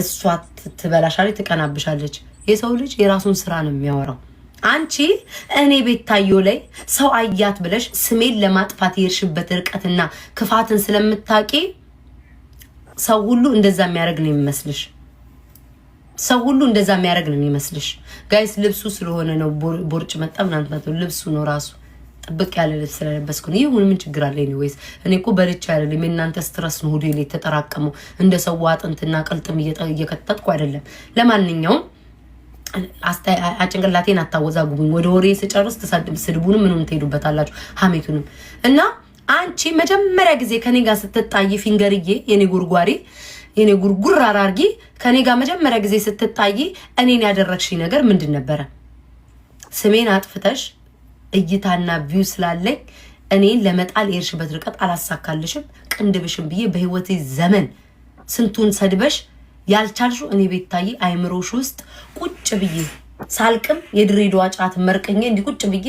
እሷ ትበላሻለች፣ ትቀናብሻለች። የሰው ልጅ የራሱን ስራ ነው የሚያወራው። አንቺ እኔ ቤታዮ ላይ ሰው አያት ብለሽ ስሜን ለማጥፋት የሄድሽበት እርቀትና ክፋትን ስለምታቂ ሰው ሁሉ እንደዛ የሚያደርግ ነው የሚመስልሽ። ሰው ሁሉ እንደዛ የሚያደርግ ነው የሚመስልሽ። ጋይስ ልብሱ ስለሆነ ነው ቦርጭ መጣ ምናምን ልብሱ ነው ራሱ ጥብቅ ያለ ልብስ ስለለበስኩ ነው። ይሁን ምን ችግር አለ? ኤኒዌይስ እኔ እኮ በልቼ አይደለም፣ የእናንተ ስትረስ ነው ሆዴ ላይ የተጠራቀመው። እንደ ሰው አጥንትና ቅልጥም እየከተጥኩ አይደለም። ለማንኛውም አጭንቅላቴን አታወዛጉብኝ። ወደ ወሬ ስጨርስ ስድቡንም ምንም ትሄዱበታላችሁ፣ ሀሜቱንም እና አንቺ መጀመሪያ ጊዜ ከኔ ጋር ስትጣይ ፊንገርዬ፣ የኔ ጉርጓሬ፣ የኔ ጉርጉር አራርጊ፣ ከኔ ጋር መጀመሪያ ጊዜ ስትጣይ እኔን ያደረግሽኝ ነገር ምንድን ነበረ? ስሜን አጥፍተሽ እይታና ቪው ስላለኝ እኔ ለመጣል የሄድሽበት ርቀት አላሳካልሽም፣ ቅንድብሽም ብዬ በህይወቴ ዘመን ስንቱን ሰድበሽ ያልቻልሹ እኔ ቤታዬ አይምሮሽ ውስጥ ቁጭ ብዬ ሳልቅም የድሬዳዋ ጫት መርቅኜ እንዲህ ቁጭ ብዬ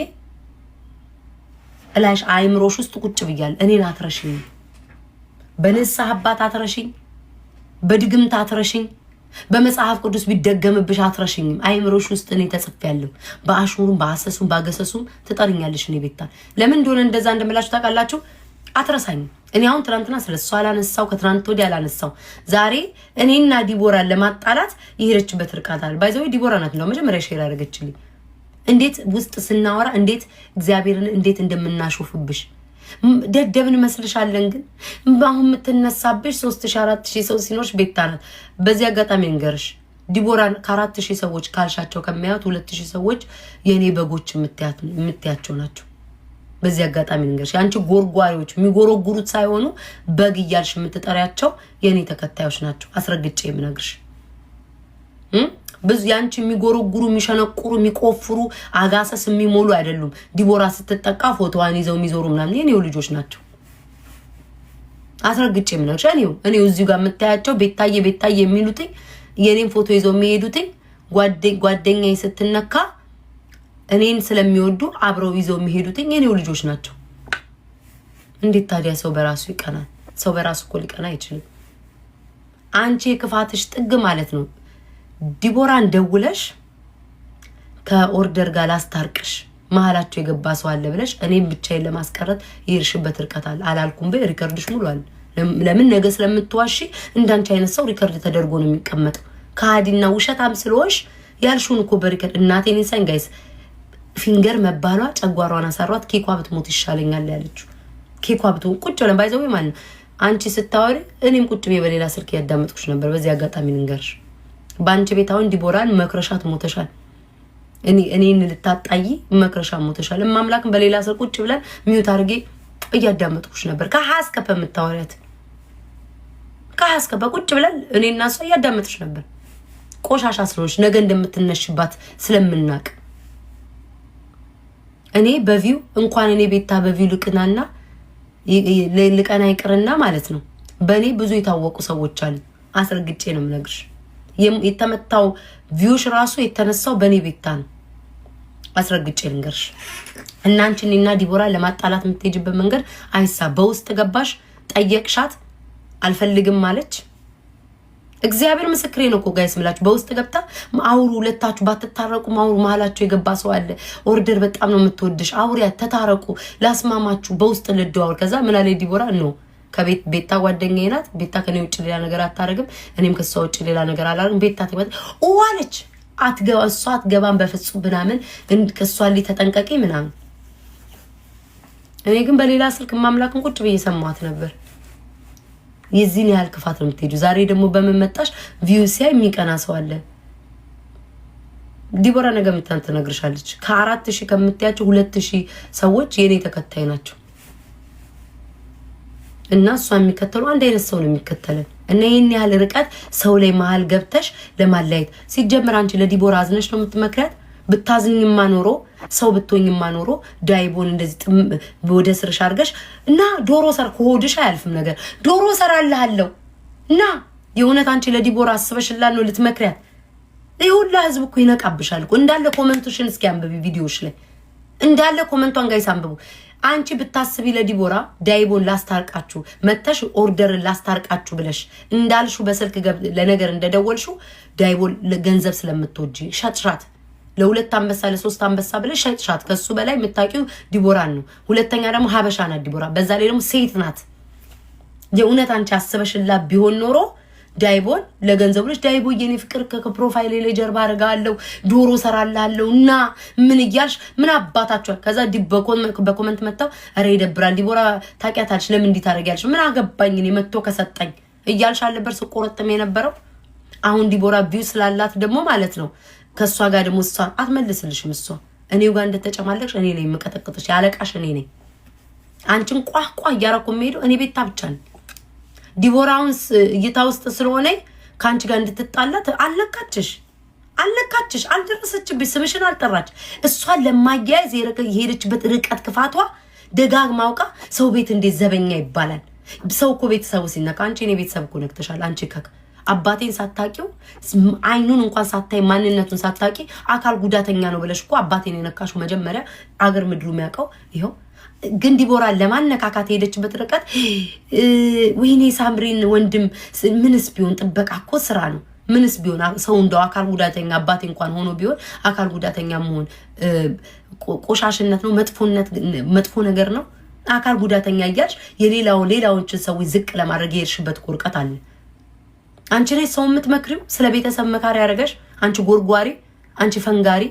እላሽ አይምሮሽ ውስጥ ቁጭ ብያል። እኔን አትረሽኝ፣ በንስሐ አባት አትረሽኝ፣ በድግምት አትረሽኝ። በመጽሐፍ ቅዱስ ቢደገምብሽ አትረሽኝም። አይምሮሽ ውስጥ እኔ ተጽፌያለሁ። በአሹሩም በአሰሱም በአገሰሱም ትጠርኛለሽ። እኔ ቤታ ለምን እንደሆነ እንደዛ እንደምላችሁ ታውቃላችሁ። አትረሳኝም። እኔ አሁን ትናንትና ስለ እሷ አላነሳው፣ ከትናንት ወዲያ አላነሳው። ዛሬ እኔና ዲቦራን ለማጣላት የሄደችበት እርቃት አለ። ባይዘ ዲቦራ ናት እንደው መጀመሪያ ሼር ያደረገችልኝ። እንዴት ውስጥ ስናወራ እንዴት እግዚአብሔርን እንዴት እንደምናሾፍብሽ ደደብን መስልሻለን። ግን አሁን የምትነሳብሽ ሶስት ሺ አራት ሺህ ሰው ሲኖርሽ ቤታ በዚህ አጋጣሚ እንገርሽ ዲቦራን ከአራት ሺህ ሰዎች ካልሻቸው ከሚያዩት ሁለት ሺህ ሰዎች የእኔ በጎች የምትያቸው ናቸው። በዚህ አጋጣሚ ንገርሽ አንቺ ጎርጓሪዎች የሚጎረጉሩት ሳይሆኑ በግ እያልሽ የምትጠሪያቸው የእኔ ተከታዮች ናቸው። አስረግጬ የምነግርሽ ብዙ ያንቺ የሚጎረጉሩ የሚሸነቁሩ የሚቆፍሩ አጋሰስ የሚሞሉ አይደሉም። ዲቦራ ስትጠቃ ፎቶዋን ይዘው የሚዞሩ ምናምን የኔው ልጆች ናቸው። አስረግጬ የምነግርሽ እኔው እኔው እዚሁ ጋር የምታያቸው ቤታዬ ቤታዬ የሚሉትኝ የኔን ፎቶ ይዘው የሚሄዱትኝ ጓደኛዬ ስትነካ እኔን ስለሚወዱ አብረው ይዘው የሚሄዱትኝ የኔው ልጆች ናቸው። እንዴት ታዲያ ሰው በራሱ ይቀናል? ሰው በራሱ እኮ ሊቀና አይችልም። አንቺ የክፋትሽ ጥግ ማለት ነው። ዲቦራን ደውለሽ ከኦርደር ጋር ላስታርቅሽ መሀላቸው የገባ ሰው አለ ብለሽ እኔም ብቻዬን ለማስቀረት ይርሽበት እርቀታል አላልኩም በይ ሪከርድሽ ሙሏል። ለምን ነገ ስለምትዋሺ እንዳንቺ አይነት ሰው ሪከርድ ተደርጎ ነው የሚቀመጠው። ከሃዲና ውሸታም ስለሆንሽ ያልሽውን እኮ በሪከርድ እናቴን ኢንሳይን ጋይስ ፊንገር መባሏ ጨጓሯን አሳሯት። ኬኳ ብትሞት ይሻለኛል ያለችው ኬኳ ብትሞት ቁጭ ብለን ባይዘው ማለት ነው። አንቺ ስታወሪ እኔም ቁጭ ብዬ በሌላ ስልክ ያዳመጥኩሽ ነበር። በዚህ አጋጣሚ ልንገርሽ በአንቺ ቤት አሁን ዲቦራን መክረሻ ትሞተሻል እኔን ልታጣይ መክረሻ ሞተሻል። ማምላክን በሌላ ስር ቁጭ ብለን ሚዩት አድርጌ እያዳመጥኩሽ ነበር። ከሀስ እስከ የምታወሪያት ከሀስ እስከ ቁጭ ብለን እኔና እሷ እያዳመጥሽ ነበር። ቆሻሻ ስለሆንሽ ነገ እንደምትነሽባት ስለምናቅ እኔ በቪው እንኳን እኔ ቤታ በቪው ልቅናና ልቀና ይቅርና ማለት ነው በእኔ ብዙ የታወቁ ሰዎች አሉ። አስረግጬ ነው የምነግርሽ። የተመታው ቪዩሽ ራሱ የተነሳው በእኔ ቤታ ነው። አስረግጬ ልንገርሽ እና አንቺ እኔና ዲቦራ ለማጣላት የምትሄጅበት መንገድ አይሳ በውስጥ ገባሽ፣ ጠየቅሻት፣ አልፈልግም ማለች። እግዚአብሔር ምስክሬ ነው እኮ ጋይስ ምላችሁ በውስጥ ገብታ አውሩ፣ ሁለታችሁ ባትታረቁ አውሩ። መሀላችሁ የገባ ሰው አለ። ኦርደር በጣም ነው የምትወድሽ፣ አውሪያ፣ ተታረቁ፣ ላስማማችሁ፣ በውስጥ ልደዋወል። ከዛ ምናለ ዲቦራ ነው ከቤት ቤታ ጓደኛዬ ናት። ቤታ ከኔ ውጭ ሌላ ነገር አታደርግም። እኔም ከሷ ውጭ ሌላ ነገር አላደርግም። ቤታ ትግባት ዋለች አትገባ እሷ አትገባም በፍጹም ምናምን ከእሷ ሊ ተጠንቀቂ ምናምን። እኔ ግን በሌላ ስልክ ማምላክን ቁጭ ብዬ ሰማት ነበር። የዚህን ያህል ክፋት ነው የምትሄዱ። ዛሬ ደግሞ በምመጣሽ ቪዩ ሲያ የሚቀና ሰው አለ። ዲቦራ ነገ ምታን ትነግርሻለች። ከአራት ሺህ ከምትያቸው ሁለት ሺህ ሰዎች የእኔ ተከታይ ናቸው። እና እሷ የሚከተሉ አንድ አይነት ሰው ነው የሚከተልን። እና ይህን ያህል ርቀት ሰው ላይ መሀል ገብተሽ ለማለያየት ሲጀምር አንቺ ለዲቦራ አዝነሽ ነው የምትመክረት? ብታዝኝ ማኖሮ ሰው ብትሆኝማ ማኖሮ ዳይቦን እንደዚህ ወደ ስርሽ አድርገሽ እና ዶሮ ሰር ከሆድሽ አያልፍም ነገር ዶሮ ሰር አለሃለው እና የእውነት አንቺ ለዲቦራ አስበሽላት ነው ልትመክሪያት። ይሁላ ህዝብ እኮ ይነቃብሻል እኮ እንዳለ ኮመንቶሽን እስኪ አንብቢ ቪዲዮዎች ላይ እንዳለ ኮመንቷን ጋይስ አንብቡ። አንቺ ብታስቢ ለዲቦራ ዳይቦን ላስታርቃችሁ መተሽ ኦርደርን ላስታርቃችሁ ብለሽ እንዳልሹ በስልክ ለነገር እንደደወልሹ ዳይቦን ገንዘብ ስለምትወጂ ሸጥሻት። ለሁለት አንበሳ ለሶስት አንበሳ ብለሽ ሸጥሻት። ከሱ በላይ የምታውቂው ዲቦራን ነው። ሁለተኛ ደግሞ ሀበሻ ናት ዲቦራ። በዛ ላይ ደግሞ ሴት ናት። የእውነት አንቺ አስበሽላ ቢሆን ኖሮ ዳይቦን ለገንዘብ ልጅ ዳይቦ የኔ ፍቅር ከፕሮፋይል ላይ ጀርባ አርጋለሁ ዶሮ ሰራላለሁ እና ምን እያልሽ ምን አባታችኋል። ከዛ ዲ በኮመንት መጥተው ኧረ ይደብራል፣ ዲቦራ ታውቂያታለሽ፣ ለምን እንዲህ ታደርጊያለሽ? ምን አገባኝ እኔ መጥቶ ከሰጠኝ እያልሽ አለበር ስቆረጥም የነበረው? አሁን ዲቦራ ቪው ስላላት ደግሞ ማለት ነው ከእሷ ጋር ደግሞ እሷን አትመልስልሽም። እሷ እኔው ጋር እንደተጨማለቅሽ እኔ ነኝ የምቀጠቅጥሽ፣ ያለቃሽ እኔ ነኝ። አንቺን ቋቋ እያረኩ የሚሄደው እኔ ቤት ብቻ ዲቦራውን እይታ ውስጥ ስለሆነ ከአንቺ ጋር እንድትጣላት አለካችሽ አለካችሽ አልደረሰችብሽ፣ ስምሽን አልጠራች። እሷን ለማያያዝ የሄደችበት ርቀት ክፋቷ ደጋግማ አውቃ ሰው ቤት እንዴት ዘበኛ ይባላል? ሰው እኮ ቤተሰቡ ሲነካ አንቺ እኔ ቤተሰብ እኮ ነክተሻል አንቺ ከካ አባቴን ሳታቂው አይኑን እንኳን ሳታይ ማንነቱን ሳታቂ አካል ጉዳተኛ ነው ብለሽ እኮ አባቴን የነካሽው መጀመሪያ አገር ምድሩ የሚያውቀው ይኸው። ግን ዲቦራ ለማነካካት የሄደችበት ርቀት ወይኔ ሳምሪን ወንድም ምንስ ቢሆን ጥበቃ እኮ ስራ ነው። ምንስ ቢሆን ሰው እንደው አካል ጉዳተኛ አባቴ እንኳን ሆኖ ቢሆን አካል ጉዳተኛ መሆን ቆሻሽነት ነው፣ መጥፎነት መጥፎ ነገር ነው። አካል ጉዳተኛ እያልሽ የሌላውን ሌላዎችን ሰዎች ዝቅ ለማድረግ የሄድሽበት እኮ ርቀት አለ። አንቺ ነሽ ሰው የምትመክሪው። ስለ ቤተሰብ መካሪ ያደረገሽ አንቺ ጎርጓሪ፣ አንቺ ፈንጋሪ፣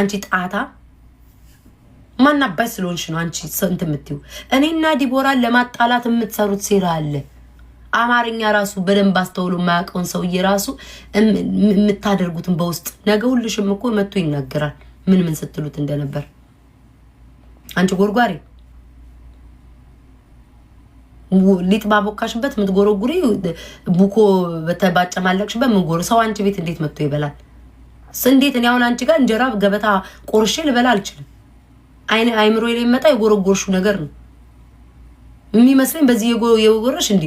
አንቺ ጣታ ማን አባይ ስለሆንሽ ነው አንቺ እንትን የምትይው? እኔና ዲቦራን ለማጣላት የምትሰሩት ሴራ አለ። አማርኛ ራሱ በደንብ አስተውሎ የማያውቀውን ሰውዬ ራሱ የምታደርጉትን በውስጥ ነገ ሁልሽም እኮ መጥቶ ይናገራል ምን ምን ስትሉት እንደነበር አንቺ ጎርጓሬ ሊጥ ባቦካሽበት የምትጎረጉሪ ቡኮ ባጨማለቅሽበት ምንጎር ሰው አንቺ ቤት እንዴት መጥቶ ይበላል? እንዴት እኔ አሁን አንቺ ጋር እንጀራ ገበታ ቆርሼ ልበላ አልችልም። አይምሮ ላይ መጣ የጎረጎርሹ ነገር ነው የሚመስለኝ። በዚህ የጎረሽ እንዲ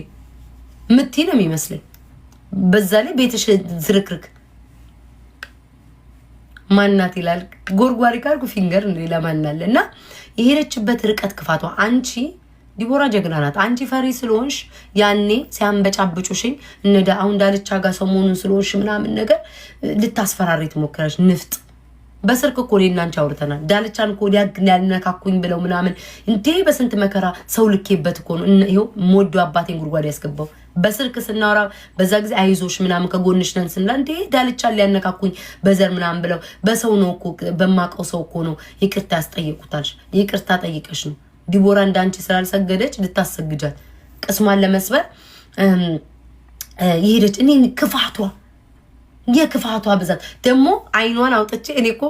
ምት ነው የሚመስለኝ። በዛ ላይ ቤትሽ ዝርክርክ ማናት ይላል ጎርጓሪ ጋር ፊንገር ለማናለ እና የሄደችበት ርቀት ክፋቷ አንቺ ዲቦራ ጀግና ናት። አንቺ ፈሪ ስለሆንሽ ያኔ ሲያንበጫብጩሽኝ እንደ አሁን እንዳልቻ ጋር ሰሞኑን ስለሆንሽ ምናምን ነገር ልታስፈራሪ ትሞክራለች። ንፍጥ በስልክ እኮ ሌናንቺ አውርተናል። ዳልቻን እኮ ሊያግን ያልነካኩኝ ብለው ምናምን እንዴ በስንት መከራ ሰው ልኬበት እኮ ነው። ይኸው ሞዶ አባቴን ጉድጓድ ያስገባው በስልክ ስናወራ በዛ ጊዜ አይዞሽ ምናምን ከጎንሽ ነን ስንላ እንዴ ዳልቻ ሊያነካኩኝ በዘር ምናምን ብለው በሰው ነው እኮ በማቀው ሰው እኮ ነው ይቅርታ ያስጠየቁታል። ይቅርታ ጠይቀሽ ነው ዲቦራ እንዳንቺ ስላልሰገደች ልታሰግጃል ቅስሟን ለመስበር የሄደች እኔ ክፋቷ የክፋቷ ብዛት ደግሞ አይኗን አውጥቼ እኔ እኮ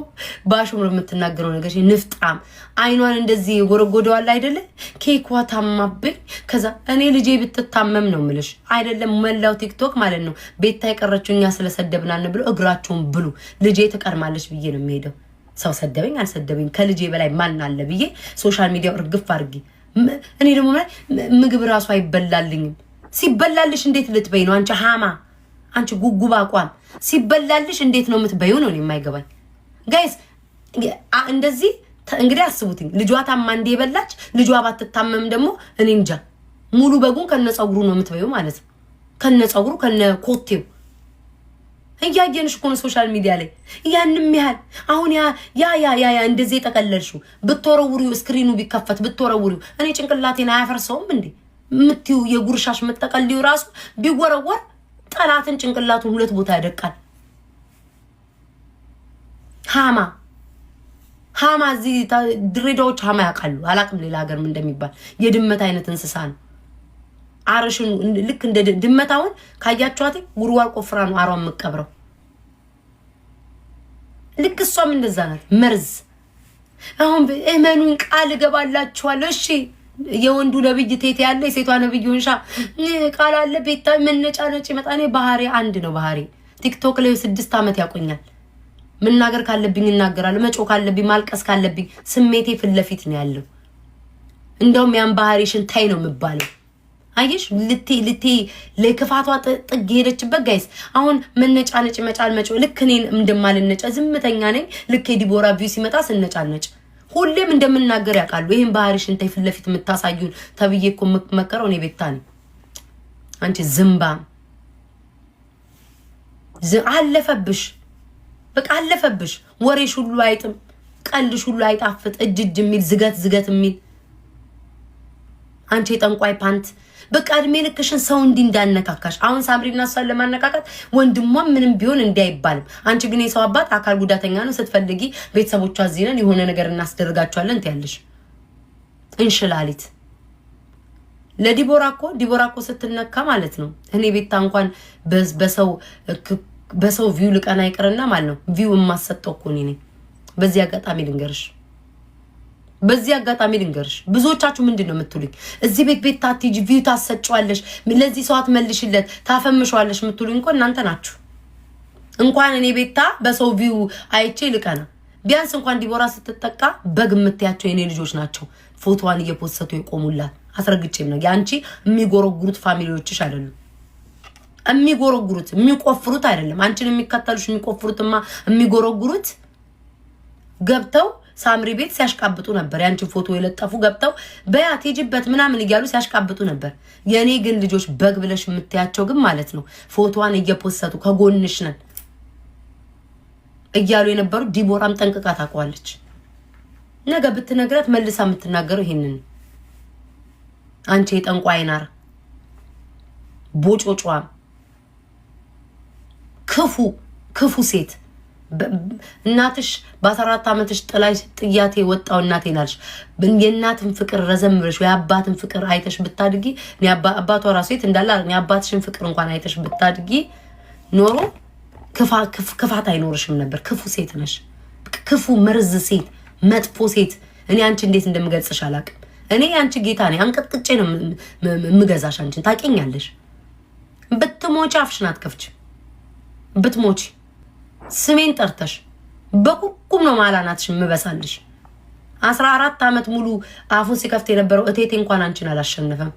በአሽሙር የምትናገረው ነገር ንፍጣም አይኗን እንደዚህ ጎረጎደዋል አይደለ? ኬኳ ታማብኝ። ከዛ እኔ ልጄ ብትታመም ነው ምልሽ አይደለም መላው ቲክቶክ ማለት ነው ቤታ የቀረችው እኛ ስለሰደብናን ብሎ እግራቸውን ብሉ ልጄ ትቀርማለች ብዬ ነው የሚሄደው። ሰው ሰደበኝ አልሰደበኝ ከልጄ በላይ ማን አለ ብዬ ሶሻል ሚዲያው እርግፍ አድርጌ እኔ ደግሞ ምግብ ራሱ አይበላልኝም። ሲበላልሽ እንዴት ልትበይ ነው አንቺ ሀማ አንቺ ጉጉብ አቋም ሲበላልሽ እንዴት ነው የምትበዩ? ነው የማይገባኝ ጋይስ። እንደዚህ እንግዲህ አስቡትኝ። ልጇ ታማ እንዴ የበላች ልጇ ባትታመም ደግሞ እኔ እንጃ። ሙሉ በጉን ከነ ፀጉሩ ነው የምትበዩ ማለት ነው። ከነ ፀጉሩ ከነ ኮቴው እያየንሽ እኮ ነው ሶሻል ሚዲያ ላይ ያንም ያህል አሁን ያ ያ ያ ያ እንደዚህ የጠቀለልሽው ብትወረውሪው እስክሪኑ ቢከፈት ብትወረውሪው እኔ ጭንቅላቴን አያፈርሰውም እንዴ የምትይው የጉርሻሽ መጠቀልዩ ራሱ ቢወረወር ጠላትን ጭንቅላቱን ሁለት ቦታ ያደቃል። ሃማ ሃማ እዚህ ድሬዳዎች ሀማ ያውቃሉ። አላቅም ሌላ ሀገርም እንደሚባል የድመት አይነት እንስሳ ነው። አርሽኑ ልክ እንደ ድመት አሁን ካያችኋት ጉድጓድ ቆፍራ ነው አሯን የምቀብረው። ልክ እሷም እንደዛ ናት። መርዝ አሁን እመኑን ቃል እገባላችኋለሁ። እሺ የወንዱ ነብይ ቴት ያለ የሴቷ ነብይ ሆንሻ ቃል አለ። ቤታ መነጫነጭ ይመጣ። እኔ ባህሪ አንድ ነው ባህሪ። ቲክቶክ ላይ ስድስት ዓመት ያቆኛል። መናገር ካለብኝ እናገራለሁ። መጮ ካለብኝ፣ ማልቀስ ካለብኝ ስሜቴ ፊት ለፊት ነው ያለው። እንደውም ያን ባህሪሽን ታይ ነው የምባለው። አየሽ ልቴ ልቴ ለክፋቷ ጥግ ሄደችበት። ጋይስ አሁን መነጫ ነጭ መጫል መጭ ልክ እኔን እንደማልነጨ ዝምተኛ ነኝ። ልክ የዲቦራ ቪው ሲመጣ ስነጫል ነጭ ሁሌም እንደምናገር ያውቃሉ። ይህን ባህሪሽ እንታይ ፊት ለፊት የምታሳዩን ተብዬ እኮ የምመከረው እኔ ቤታ ነኝ። አንቺ ዝምባ አለፈብሽ፣ በቃ አለፈብሽ። ወሬሽ ሁሉ አይጥም፣ ቀልድሽ ሁሉ አይጣፍጥ፣ እጅ እጅ የሚል ዝገት ዝገት የሚል አንቺ የጠንቋይ ፓንት በቃ እድሜ ልክሽን ሰው እንዲህ እንዳነካካሽ። አሁን ሳምሪ እና እሷን ለማነቃቃት ወንድሟ ምንም ቢሆን እንዲህ አይባልም። አንቺ ግን የሰው አባት አካል ጉዳተኛ ነው። ስትፈልጊ ቤተሰቦቿ እዚህ ነን፣ የሆነ ነገር እናስደርጋቸዋለን ትያለሽ። እንሽላሊት ለዲቦራ እኮ ዲቦራ እኮ ስትነካ ማለት ነው። እኔ ቤታ እንኳን በሰው ቪው ልቀና ይቅርና ማለት ነው ቪው የማሰጠው እኮ እኔ ነኝ። በዚህ አጋጣሚ ልንገርሽ በዚህ አጋጣሚ ልንገርሽ፣ ብዙዎቻችሁ ምንድን ነው የምትሉኝ? እዚህ ቤት ቤት ታትጅ ቪዩ ታሰጫዋለሽ፣ ለዚህ ሰዋት መልሽለት፣ ታፈምሸዋለሽ የምትሉኝ እኮ እናንተ ናችሁ። እንኳን እኔ ቤታ በሰው ቪዩ አይቼ ልቀና ቢያንስ እንኳን ዲቦራ ስትጠቃ በግ የምትያቸው የኔ ልጆች ናቸው ፎቶዋን እየፖሰቱ የቆሙላት። አስረግጬም ነው የአንቺ የሚጎረጉሩት ፋሚሊዎችሽ አይደሉም። የሚጎረጉሩት የሚቆፍሩት አይደለም። አንቺን የሚከተሉሽ የሚቆፍሩትማ የሚጎረጉሩት ገብተው ሳምሪ ቤት ሲያሽቃብጡ ነበር። ያንቺን ፎቶ የለጠፉ ገብተው በያት ሂጂበት ምናምን እያሉ ሲያሽቃብጡ ነበር። የእኔ ግን ልጆች በግ ብለሽ የምትያቸው ግን ማለት ነው ፎቶዋን እየፖሰቱ ከጎንሽ ነን እያሉ የነበሩት ዲቦራም ጠንቅቃ ታውቀዋለች። ነገ ብትነግረት መልሳ የምትናገረው ይሄንን አንቺ የጠንቋ አይናር ቦጮጫም ክፉ ክፉ ሴት እናትሽ በአስራ አራት ዓመትሽ ጥላይ ጥያቴ ወጣው እናቴ ናልሽ። የእናትን ፍቅር ረዘምርሽ ወይ አባትን ፍቅር አይተሽ ብታድጊ አባቷ ራሱ የት እንዳለ የአባትሽን ፍቅር እንኳን አይተሽ ብታድጊ ኖሮ ክፋት አይኖርሽም ነበር። ክፉ ሴት ነሽ። ክፉ መርዝ ሴት፣ መጥፎ ሴት። እኔ አንቺ እንዴት እንደምገልጽሽ አላቅም። እኔ አንቺ ጌታ ነኝ። አንቀጥቅጬ ነው የምገዛሽ። አንቺን ታውቂኛለሽ። ብትሞቺ አፍሽን አትከፍች ብትሞቺ ስሜን ጠርተሽ በቁቁም ነው ማላናትሽ የምበሳልሽ። አስራ አራት ዓመት ሙሉ አፉን ሲከፍት የነበረው እቴቴ እንኳን አንቺን አላሸነፈም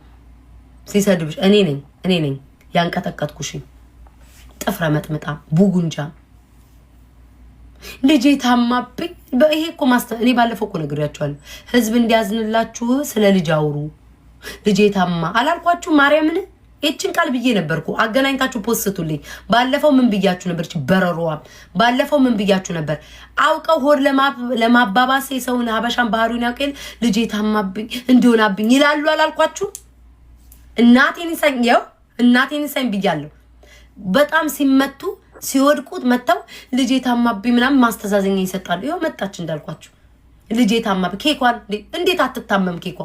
ሲሰድብሽ። እኔ ነኝ እኔ ነኝ ያንቀጠቀጥኩሽ። ጥፍረ መጥምጣ ቡጉንጃ ልጄ ታማብኝ። በይሄ እኮ እኔ ባለፈው እኮ ነግሬያቸዋለሁ። ህዝብ እንዲያዝንላችሁ ስለ ልጅ አውሩ። ልጄ ታማ አላልኳችሁ ማርያምን ይችን ቃል ብዬ ነበርኩ። አገናኝታችሁ ፖስቱልኝ። ባለፈው ምን ብያችሁ ነበር? በረሮዋም ባለፈው ምን ብያችሁ ነበር? አውቀው ሆድ ለማባባስ የሰውን ሀበሻን ባህሪን ያውቄል ልጄ ታማብኝ እንዲሆናብኝ ይላሉ። አላልኳችሁ? እናቴን ይሰኝ ው እናቴን ይሰኝ ብያለሁ። በጣም ሲመቱ ሲወድቁት መጥተው ልጄ ታማብኝ ምናምን ማስተዛዘኛ ይሰጣሉ። ይኸው መጣች እንዳልኳችሁ ልጄ ታማብኝ ኬኳን እንዴት አትታመም ኬኳ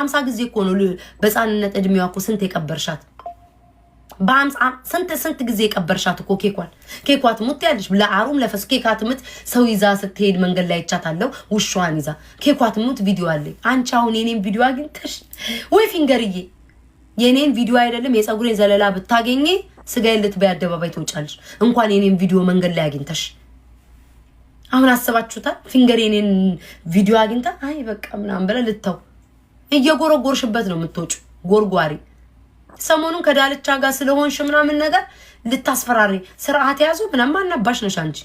አምሳ ጊዜ እኮ ነው በህፃንነት እድሜዋ እኮ ስንት የቀበርሻት ስንት ስንት ጊዜ የቀበርሻት እኮ ኬኳን ኬኳ ትሙት ያለሽ ለአሩም ለፈሱ ኬኳ ትምት ሰው ይዛ ስትሄድ መንገድ ላይ ይቻታለው ውሻዋን ይዛ ኬኳ ትሙት ቪዲዮ አለ። አንቺ አሁን የኔን ቪዲዮ አግኝተሽ ወይ ፊንገርዬ የኔን ቪዲዮ አይደለም የፀጉሬን ዘለላ ብታገኝ ስጋዬን ልትበይ አደባባይ ትወጫለሽ። እንኳን የኔን ቪዲዮ መንገድ ላይ አግኝተሽ አሁን አስባችሁታል። ፊንገር የኔን ቪዲዮ አግኝታ አይ በቃ ምናምን ብላ ልተው እየጎረጎርሽበት ነው የምትወጩ ጎርጓሪ። ሰሞኑን ከዳልቻ ጋር ስለሆንሽ ምናምን ነገር ልታስፈራሪ ስርዓት ያዙ ምናምን አናባሽ ነሽ አንቺ።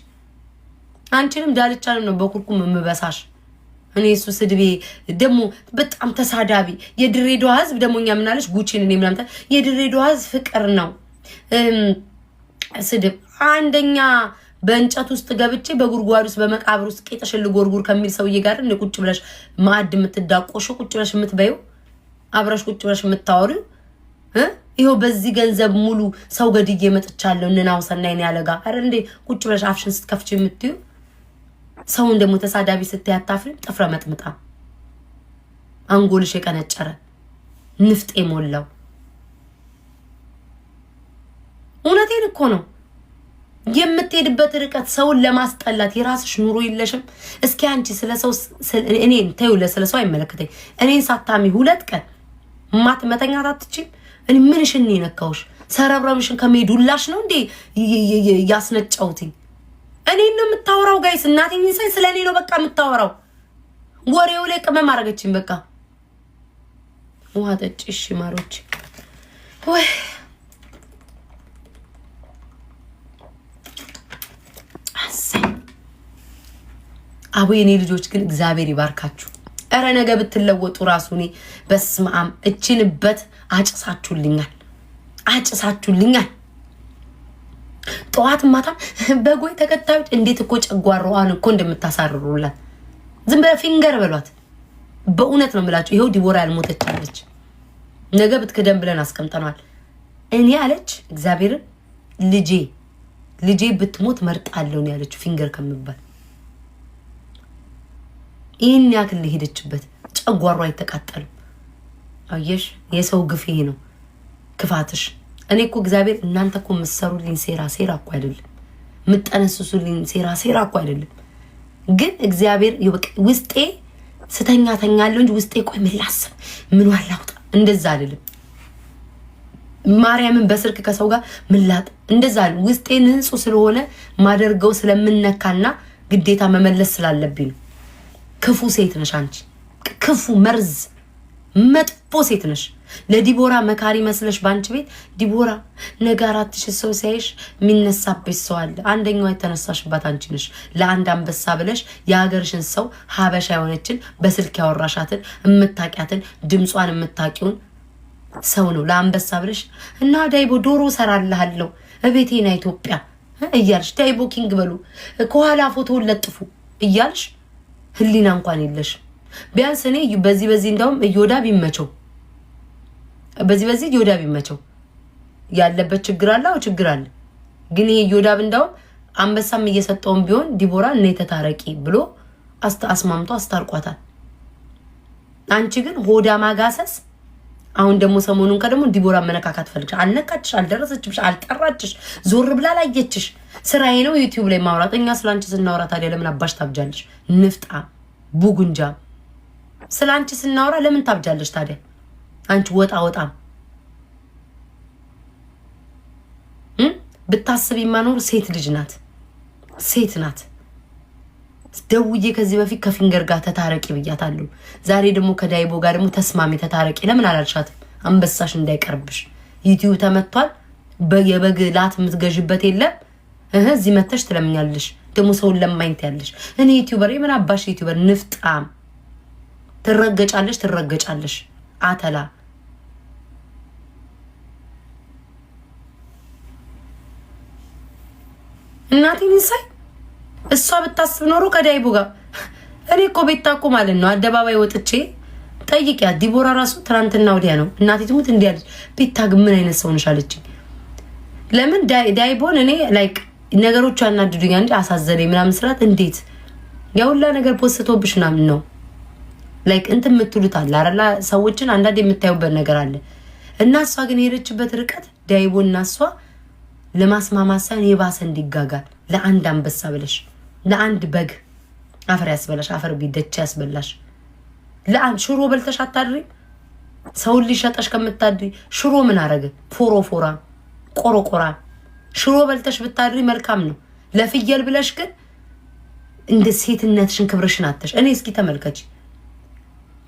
አንቺንም ዳልቻንም ነው በኩርኩም የምበሳሽ። እኔ እሱ ስድቤ ደግሞ በጣም ተሳዳቢ። የድሬዳዋ ህዝብ ደግሞ እኛ ምናለች ጉቺን እኔ ምናምታ የድሬዳዋ ህዝብ ፍቅር ነው ስድብ አንደኛ በእንጨት ውስጥ ገብቼ በጉርጓድ ውስጥ በመቃብር ውስጥ ቄጠሽን ልጎርጉር ከሚል ሰውዬ ጋር እንደ ቁጭ ብለሽ ማዕድ የምትዳቆሹ ቁጭ ብለሽ የምትበዩ አብረሽ ቁጭ ብለሽ የምታወሪ ይኸው በዚህ ገንዘብ ሙሉ ሰው ገድዬ መጥቻለሁ። እንናውሰናይን ያለጋ አረ እንዴ ቁጭ ብለሽ አፍሽን ስትከፍች የምትዩ ሰውን ደግሞ ተሳዳቢ ስትያታፍሪ ጥፍረ መጥምጣ አንጎልሽ የቀነጨረ ንፍጥ የሞላው እውነቴን እኮ ነው። የምትሄድበት ርቀት ሰውን ለማስጠላት የራስሽ ኑሮ የለሽም። እስኪ አንቺ ስለሰው እኔን ተይው፣ ስለ ሰው አይመለከተኝ። እኔን ሳታሚ ሁለት ቀን ማት መተኛት አትችም። እኔ ምንሽን የነካውሽ ሰረብረብሽን ከሜዱላሽ ነው እንዴ ያስነጫውትኝ? እኔን ነው የምታወራው ጋይስ። እናቴኝ ሳይ ስለ እኔ ነው በቃ የምታወራው። ወሬው ላይ ቅመም አረገችኝ። በቃ ውሃ ጠጪ እሺ ማሮች ወይ አሰኝ አቡ የኔ ልጆች ግን እግዚአብሔር ይባርካችሁ። እረ ነገ ብትለወጡ ራሱ እኔ በስመአብ እችንበት አጭሳችሁልኛል፣ አጭሳችሁልኛል። ጠዋት ማታ በጎይ ተከታዮች እንዴት እኮ ጨጓሯዋን እኮ እንደምታሳርሩላት ዝም ፊንገር በሏት። በእውነት ነው የምላችሁ። ይኸው ዲቦራ ያልሞተች አለች። ነገ ብትክደን ብለን አስቀምጠነዋል። እኔ አለች እግዚአብሔርን ልጄ ልጄ ብትሞት መርጣለሁ ነው ያለችው። ፊንገር ከምባል ይህን ያክል ሄደችበት። ጨጓሯ አይተቃጠልም። አየሽ፣ የሰው ግፍ ይሄ ነው ክፋትሽ። እኔ እኮ እግዚአብሔር እናንተ እኮ የምትሰሩልኝ ሴራ ሴራ እኮ አይደለም፣ የምጠነስሱልኝ ሴራ ሴራ እኮ አይደለም። ግን እግዚአብሔር ውስጤ ስተኛ ተኛለሁ እንጂ ውስጤ ቆይ ምን ላስብ ምን ዋላውጣ እንደዛ አይደለም። ማርያምን በስልክ ከሰው ጋር ምላጥ እንደዛ ውስጤ ንጹህ ስለሆነ ማደርገው ስለምነካና ግዴታ መመለስ ስላለብኝ ነው። ክፉ ሴት ነሽ አንቺ፣ ክፉ መርዝ፣ መጥፎ ሴት ነሽ። ለዲቦራ መካሪ መስለሽ በአንቺ ቤት ዲቦራ፣ ነገ አራት ሰው ሲያይሽ የሚነሳብሽ ሰው አለ። አንደኛው የተነሳሽባት አንቺ ነሽ። ለአንድ አንበሳ ብለሽ የሀገርሽን ሰው ሀበሻ የሆነችን በስልክ ያወራሻትን የምታቂያትን ድምጿን የምታቂውን ሰው ነው ለአንበሳ ብለሽ እና ዳይቦ ዶሮ ሰራልሃለሁ ና ኢትዮጵያ እያልሽ ዳይቦ ኪንግ በሉ ከኋላ ፎቶውን ለጥፉ እያልሽ ህሊና እንኳን የለሽ። ቢያንስ እኔ በዚህ በዚህ እንደውም እዮዳ ቢመቸው በዚህ በዚህ እዮዳ ቢመቸው ያለበት ችግር አለ። አዎ ችግር አለ። ግን ይሄ እዮዳብ እንዳውም አንበሳም እየሰጠውም ቢሆን ዲቦራ እኔ ተታረቂ ብሎ አስማምቶ አስታርቋታል። አንቺ ግን ሆዳ ማጋሰስ አሁን ደግሞ ሰሞኑን ከደግሞ ዲቦራ መነካካት ፈልግሽ። አልነካችሽ፣ አልደረሰችብሽ፣ አልጠራችሽ፣ ዞር ብላ ላየችሽ። ስራዬ ነው ዩቲዩብ ላይ ማውራት። እኛ ስለ አንቺ ስናወራ ታዲያ ለምን አባሽ ታብጃለሽ? ንፍጣ ቡጉንጃ። ስለ አንቺ ስናወራ ለምን ታብጃለሽ ታዲያ? አንቺ ወጣ ወጣም ብታስብ የማኖር ሴት ልጅ ናት፣ ሴት ናት። ደውዬ ከዚህ በፊት ከፊንገር ጋር ተታረቂ ብያታለሁ። ዛሬ ደግሞ ከዳይቦ ጋር ደግሞ ተስማሚ ተታረቂ። ለምን አላልሻትም? አንበሳሽ እንዳይቀርብሽ ዩቲዩብ ተመቷል። የበግ ላት የምትገዥበት የለም። እዚህ መተሽ ትለምኛለሽ፣ ደግሞ ሰውን ለማኝት ያለሽ። እኔ ዩቲዩበር ምን አባሽ ዩቲዩበር ንፍጣም። ትረገጫለሽ፣ ትረገጫለሽ አተላ እናቴን ሳይ እሷ ብታስብ ኖሮ ከዳይቡ ጋር እኔ እኮ ቤታ እኮ ማለት ነው አደባባይ ወጥቼ ጠይቂያት። ዲቦራ ራሱ ትናንትና ወዲያ ነው እናቴ ትሙት እንዲህ ቤታ ግን ምን አይነት ሰው ነሽ አለችኝ። ለምን ዳይቦን እኔ ላይክ ነገሮቹ ያናድዱኛ እንዲ አሳዘነኝ ምናምን ስላት እንዴት የሁላ ነገር ፖስቶብሽ ምናምን ነው ላይክ እንትን የምትሉት አለ አረላ ሰዎችን አንዳንድ የምታዩበት ነገር አለ እና እሷ ግን የሄደችበት ርቀት ዳይቦ እና እሷ ለማስማማት ሳይሆን የባሰ እንዲጋጋል ለአንድ አንበሳ ብለሽ ለአንድ በግ አፈር ያስበላሽ፣ አፈር ቢደች ያስበላሽ። ለአንድ ሽሮ በልተሽ አታድሪ ሰውን ሊሸጠሽ ከምታድሪ ሽሮ ምን አረገ? ፎሮፎራ ቆሮቆራ ሽሮ በልተሽ ብታድሪ መልካም ነው። ለፍየል ብለሽ ግን እንደ ሴትነትሽን ክብርሽን አተሽ። እኔ እስኪ ተመልከች፣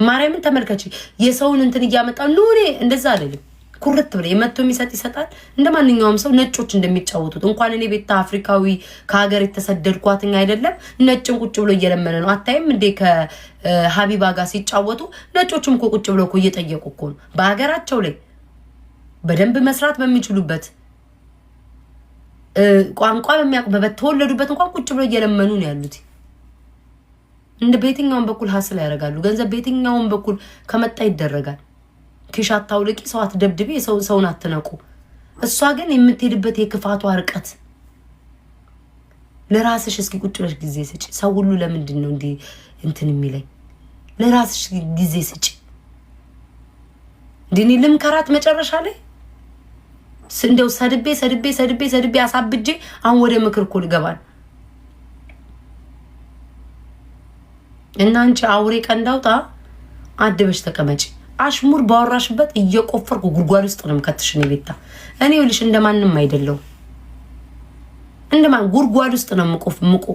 ማርያምን ተመልከች። የሰውን እንትን እያመጣ ኑ እኔ እንደዛ አለልም ኩርት ብለ የመቶ የሚሰጥ ይሰጣል። እንደ ማንኛውም ሰው ነጮች እንደሚጫወቱት እንኳን እኔ ቤታ አፍሪካዊ ከሀገር የተሰደድኳትኝ አይደለም ነጭን ቁጭ ብሎ እየለመነ ነው። አታይም እንዴ ከሀቢባ ጋር ሲጫወቱ ነጮችም እኮ ቁጭ ብሎ እኮ እየጠየቁ እኮ ነው በሀገራቸው ላይ በደንብ መስራት በሚችሉበት ቋንቋ በሚያውቁበት ተወለዱበት እንኳን ቁጭ ብሎ እየለመኑ ነው ያሉት። እንደ በየትኛውም በኩል ሀስል ያደርጋሉ። ገንዘብ በየትኛውም በኩል ከመጣ ይደረጋል። ኪሻ አታውልቂ፣ ሰው አትደብድቤ፣ ሰውን አትነቁ። እሷ ግን የምትሄድበት የክፋቷ ርቀት ለራስሽ እስኪ ቁጭ ብለሽ ጊዜ ስጭ። ሰው ሁሉ ለምንድን ነው እንዲህ እንትን የሚለኝ? ለራስሽ ጊዜ ስጭ። እንዲህ እኔ ልምከራት መጨረሻ ላይ እንደው ሰድቤ ሰድቤ ሰድቤ ሰድቤ አሳብጄ አሁን ወደ ምክር እኮ ልገባል። እና አንቺ አውሬ ቀንዳውጣ አድበሽ ተቀመጪ። አሽሙር ባወራሽበት እየቆፈርኩ ጉድጓድ ውስጥ ነው የምከትሽ። እኔ ቤታ እኔ ይኸውልሽ እንደማንም አይደለሁም። እንደማን ጉድጓድ ውስጥ ነው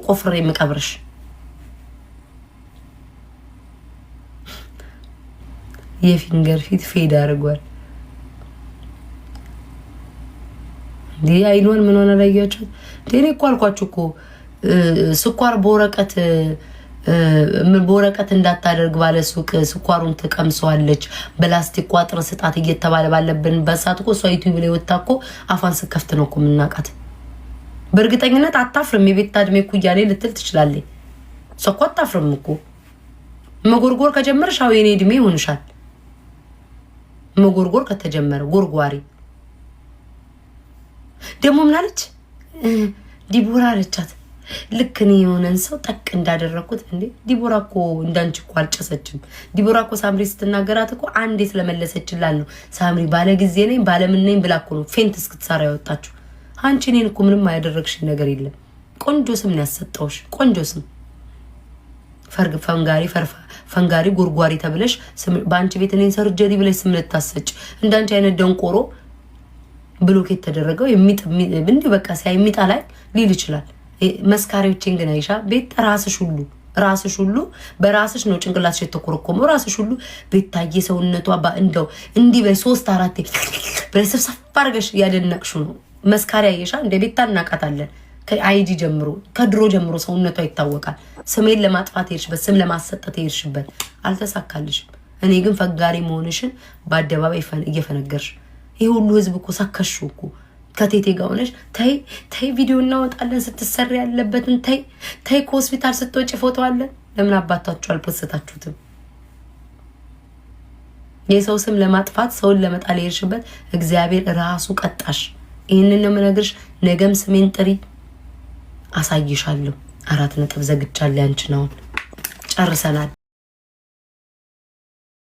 ቆፍሬ የምቀብርሽ። የፊንገር ፊት ፌድ አድርጓል። ይህ አይኗን ምን ሆነ? ላያችሁት እኔ እኮ አልኳችሁ እኮ ስኳር በወረቀት በወረቀት እንዳታደርግ ባለ ሱቅ ስኳሩን ትቀምሰዋለች፣ በላስቲክ ቋጥር ስጣት እየተባለ ባለብን በሳት እኮ እሷ ዩቲዩብ ላይ ወጣ እኮ አፋን ስከፍት ነው እኮ የምናውቃት። በእርግጠኝነት አታፍርም። የቤታ እድሜ እኮ ላይ ልትል ትችላለች። እሷ እኮ አታፍርም እኮ መጎርጎር ከጀመርሽ፣ አዎ የኔ እድሜ ይሆንሻል። መጎርጎር ከተጀመረ ጎርጓሪ ደግሞ ምናለች ዲቦራ አለቻት ልክ እኔ የሆነን ሰው ጠቅ እንዳደረግኩት እንዴ ዲቦራ እኮ እንዳንቺ እኮ አልጨሰችም። ዲቦራ እኮ ሳምሪ ስትናገራት እኮ አንዴ ስለመለሰችላል ነው ሳምሪ ባለ ጊዜ ነኝ ባለምን ነኝ ብላ እኮ ነው ፌንት እስክትሰራ ያወጣችሁ። አንቺ እኔን እኮ ምንም አያደረግሽ ነገር የለም። ቆንጆ ስም ነው ያሰጠውሽ። ቆንጆ ስም ፈንጋሪ ፈርፋ ፈንጋሪ ጎርጓሪ ተብለሽ በአንቺ ቤት እኔን ሰርጀሪ ብለሽ ስም ልታሰጭ እንዳንቺ አይነት ደንቆሮ ብሎኬት ተደረገው እንዲሁ በቃ ሲያ የሚጣላኝ ሊል ይችላል። መስካሪዎችን ግን አይሻ ቤት ራስሽ ሁሉ ራስሽ ሁሉ በራስሽ ነው ጭንቅላትሽ የተኮረኮመው። ራስሽ ሁሉ ቤታዬ ሰውነቷ እንደው እንዲህ በሶስት አራቴ ሰፋ አድርገሽ ያደነቅሹ ነው። መስካሪ አየሻ እንደ ቤታ እናቃታለን። ከአይጂ ጀምሮ ከድሮ ጀምሮ ሰውነቷ ይታወቃል። ስሜን ለማጥፋት ሄድሽበት፣ ስም ለማሰጠት ሄድሽበት፣ አልተሳካልሽም። እኔ ግን ፈጋሪ መሆንሽን በአደባባይ እየፈነገርሽ ይህ ሁሉ ህዝብ እኮ ሰከሹ እኮ ከቴቴ ጋር ሆነሽ ተይ ተይ፣ ቪዲዮ እናወጣለን፣ ስትሰሪ ያለበትን ተይ ተይ፣ ከሆስፒታል ስትወጭ ፎቶ አለ። ለምን አባታችሁ አልፖሰታችሁትም የሰው ስም ለማጥፋት ሰውን ለመጣል የሄድሽበት እግዚአብሔር ራሱ ቀጣሽ። ይህንን ነው የምነግርሽ። ነገም ስሜን ጥሪ አሳይሻለሁ። አራት ነጥብ ዘግቻለሁ። ያንቺን አሁን ጨርሰናል።